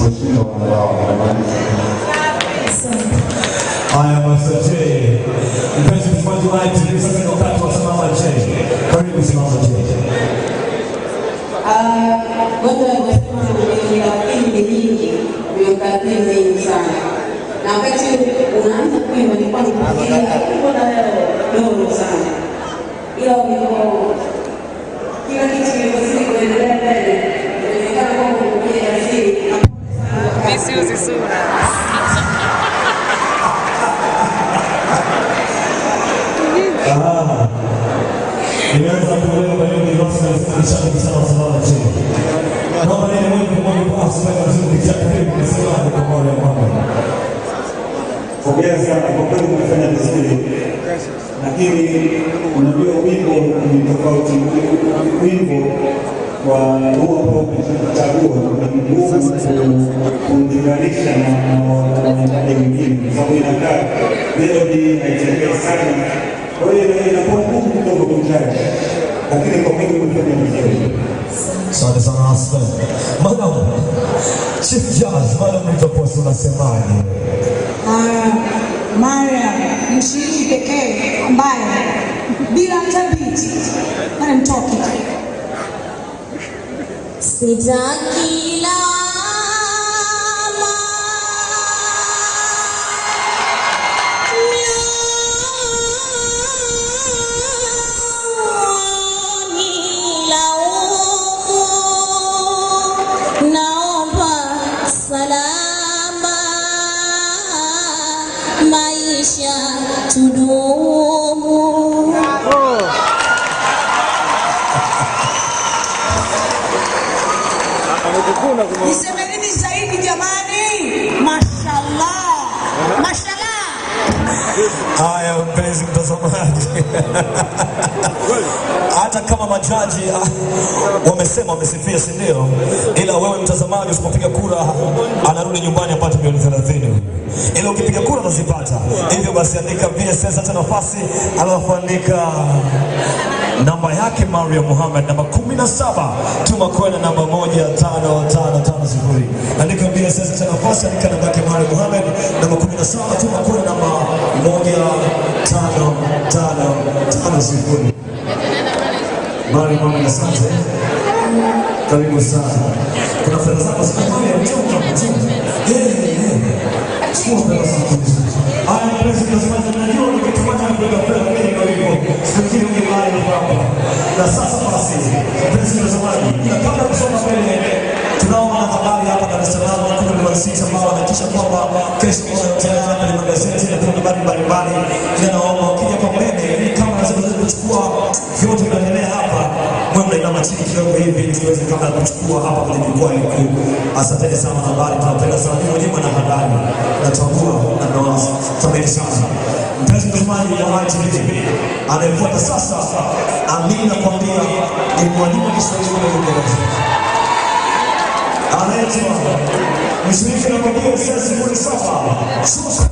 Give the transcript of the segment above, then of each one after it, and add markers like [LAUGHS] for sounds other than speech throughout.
Wasio haya masachee. Mpenzi mfumaji wa ITV, sasa ni wakati wa simama chee. Karibu simama chee. Watu wanasema ni mingi, mikakati ni sana, na wakati unaanza kuimba ni kwani kufikiria dogo sana, ila kila kitu nisiuzi sura. sana kwa kweli, umefanya vizuri, lakini unajua wimbo ni tofauti. Wimbo kwa huo ambao umechagua kuunganisha na watangazaji wengine, kwa sababu inakaa melodi inaichekea sana, kwa hiyo inakuwa ngumu kidogo kumtaja, lakini kwa kweli umefanya vizuri. Asante sana Aslan. Madam, Chief Jazz, madam mtaposi unasemaje? Ah, Maria mshiriki pekee ambaye bila hata biti, maana mtoki से जाकी Nisemeleni zaidi jamani, mashallah, mashallah. Haya mpenzi mtazamaji, hata kama majaji ah, wamesema wamesifia, si ndio? Ila wewe mtazamaji, usipopiga kura anarudi nyumbani apate milioni 30, ila ukipiga kura utazipata. Hivyo basi andika VSS, hata nafasi alafu andika namba yake Maria Muhammad namba 17, tuma kwenda namba 15550. Andika mbili sasa cha nafasi, andika namba yake Maria Muhammad namba 17, tuma kwenda namba 15550. Maria na sante karibu sana. Kuna fedha zako zinakuja kutoka kwa mtu. Eh, eh. Sio fedha zako. Na sasa basi, mpenzi mtazamaji, kabla kusoma mbele, tunao wanahabari hapa Dar es Salaam kuna mwanasiasa ambao anahakikisha kwamba kesho wanatia kwenye magazeti na kuna habari mbalimbali, na naomba ukija kwa mbele, kama unaweza kuchukua vyote vinaendelea hapa, mwe mnainama chini kidogo hivi ili tuweze kabla kuchukua hapa kwenye jukwaa hili. Asanteni sana wanahabari, tunapenda sana, mwenyewe mwanahabari natambua na nawasameni sana testimony ya watu wengi. Anayefuata sasa, amini nakwambia, ni mwalimu wa Kiswahili wa Uingereza anaitwa mshiriki, nakwambia sasa, sifuri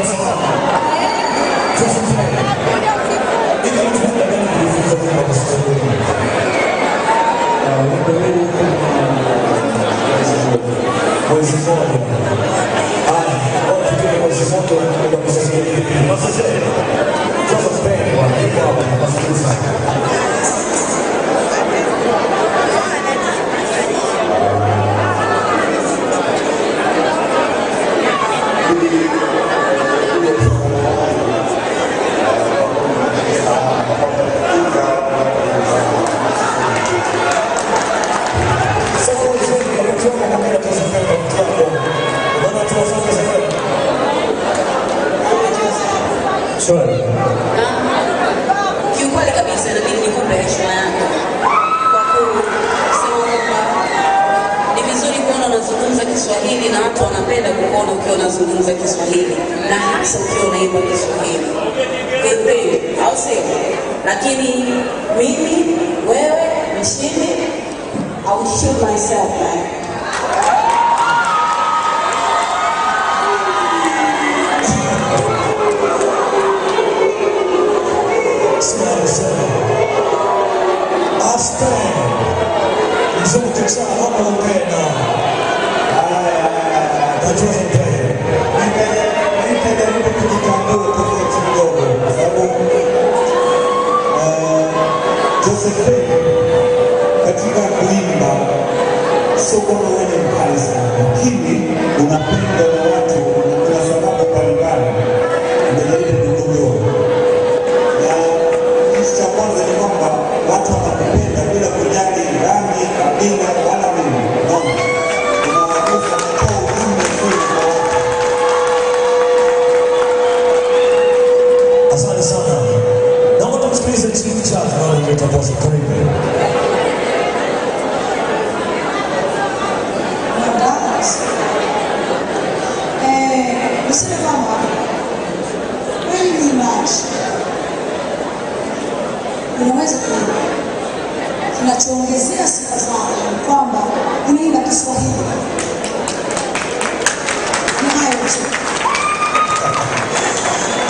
Sim,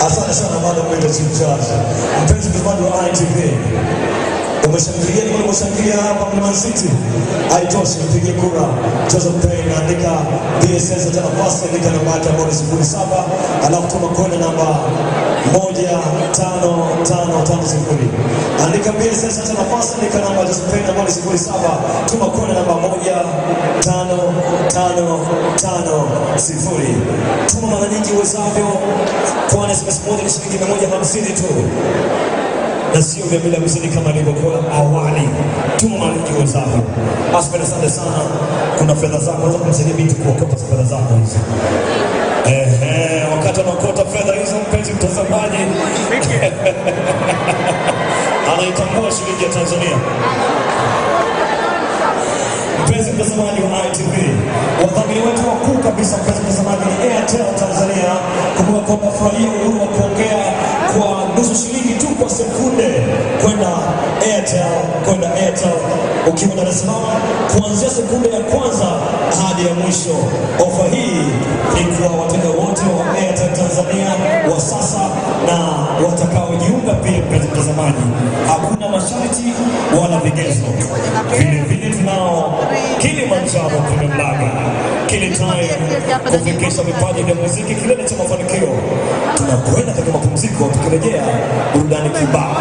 Asante sana madam Mwendesi Mzazi. Mpenzi mtazamaji wa ITV, umeshangilia kama umeshangilia hapa Man City, haitoshi, mpige kura, cheza mpira, naandika DSS hata nafasi, andika namba yake ambayo ni sifuri saba, alafu tuma kona namba moja tano tano tano sifuri. Andika DSS hata nafasi, andika namba Josephine ambayo ni sifuri saba, tuma kona namba moja tano tano tano sifuri. Tuma mara nyingi uwezavyo, kwani SMS moja ni shilingi mia moja hamsini tu na sio vya mbili hamsini kama ilivyokuwa awali. Tuma mara nyingi uwezavyo. Asante, asante sana. Kuna fedha zako, unaweza kumsaidia binti kuokota fedha zako hizo. Ehe, wakati anaokota fedha hizo, mpenzi mtazamaji [LAUGHS] anaitambua shilingi ya Tanzania mpenzi mtazamaji wa ITV, wadhamini wetu wakuu kabisa, mpenzi mtazamaji, ni Airtel Tanzania. Kumbuka kwamba furahia uhuru wa kuongea kwa nusu shilingi tu kwa sekunde kwenda Airtel, kwenda Airtel ukiwa Dar es Salaam, kuanzia sekunde ya kwanza hadi ya mwisho. Ofa hii ni kwa wateja wote wa Airtel. Tanzania wa sasa na watakaojiunga pia, kwenye mtazamaji, hakuna masharti wala vigezo. vile tunao Kilimanjaro Premium Lager kilitayo kufikisha vipaji vya muziki kilele cha mafanikio. Tunakwenda katika mapumziko, tukirejea burudani kibao.